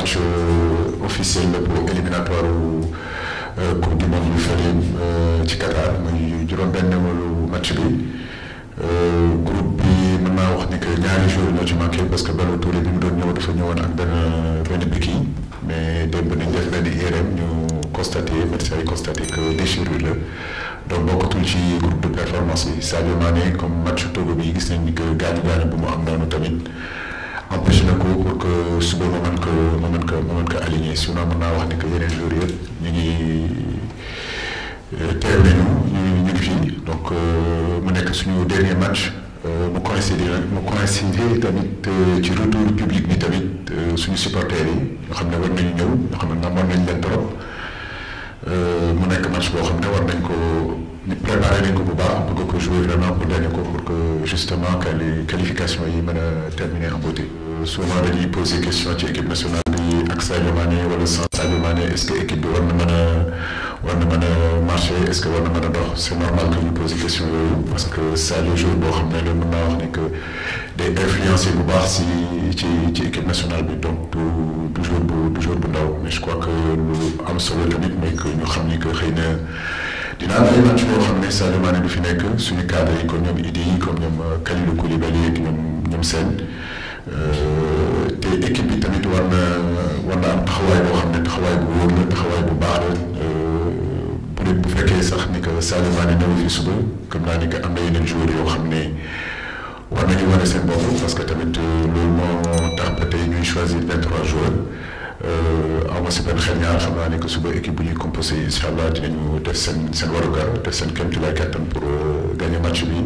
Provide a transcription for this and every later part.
match euh, officiel la éliminatoire euh, coupe du monde yu fële euh, ci Qatar muy juróom benn match bi groupe bi mën naa wax ni que ñaari joueurs ñoo ci parce que Ballo Touré bi mu doon ñëw dafa ñëwoon ak benn benn béquille mais démb nañ def benn IRM ñu constaté médecin yi constaté que déchirure la donc bokkatul ci groupe de performance bi Sadio Mané comme match Togo bi gis nañ ni que gaañu gaañu bu mu am noonu tamit. empêché na ko pour que suba ma ko ma ko ma mën ko mën naa wax ni yeneen joueurs ñu ngi euh, teew ñu ngi fii donc euh, mu nekk suñu dernier match euh, mu coïncider mu tamit ci retour public bi tamit suñu supporters yi nga xam ne war nañu ñëw nga xam ne namoon nañ leen trop mu nekk match boo xam ne war nañ ko préparé nañ ko bu jouer vraiment pour gagner ko pour que justement que les qualifications yi mën terminer en beauté. Euh, souvent dañuy poser question à l'équipe nationale bi ak Sadio Mané le sans Sadio Mané est-ce que l'équipe doit war na mën a marcher est-ce que war mener mën c'est normal que ñu poser question questions parce que le jour boo xam ne le mën naa que des influencer bu si ci équipe nationale donc du toujours bu toujours bu mais je crois que nous am solo tamit mooy que nous xam que xëy dinaa vraiment ci woon ne Sadio Mané du fi nekk suñu cadre yi comme ñoom Idi yi comme ñoom Kalilou Koulibaly ak ñoom ñoom seen te équipe bi tamit war na war na am taxawaay boo xam ne taxawaay bu wóor la taxawaay bu baax la bu dee bu fekkee sax ni que Sadio Mané newu fi suba comme naa ni que am na yeneen joueurs yoo xam ne war nañu wane seen bopp parce que tamit loolu moo tax ba tey ñuy choisir 23 joueurs Euh, aw ma si benn xel ñaar xam naa ne suba équipe bu ñuy composé incha allah dinañu def seen seen warugar def seen kéem tolluwaay kattan pour euh, gagner match bi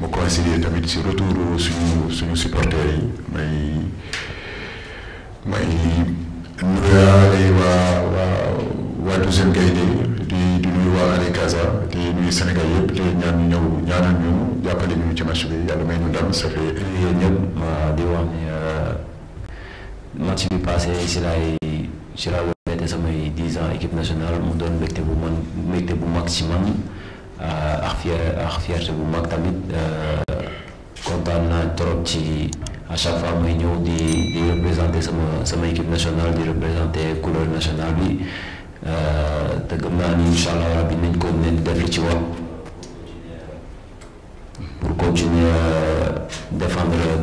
mu coïncider tamit si retour suñu suñu supporters yi may may nuyaale waa waa waa douzième gaynde di di nuyu waa Allez Casa di nuyu Sénégal yëpp di ñaan ñëw ñaanal ñu jàppale ñu ci match bi yàlla may ñu ndam ça fait ñëpp di wax ni. Euh, match bi passé si laay si laay wéete samay ans équipe nationale mu doon mbégte bu man mbégte bu mag si man ak fier ak fierté bu mag tamit euh, kontaan naa trop ci à chaque fois nous ñëw di di représenter sama sama équipe nationale de représenter couleur nationale bi euh, te gëm naa ni incha allah rabi nañ ko nañ def ci war pour continuer euh, défendre.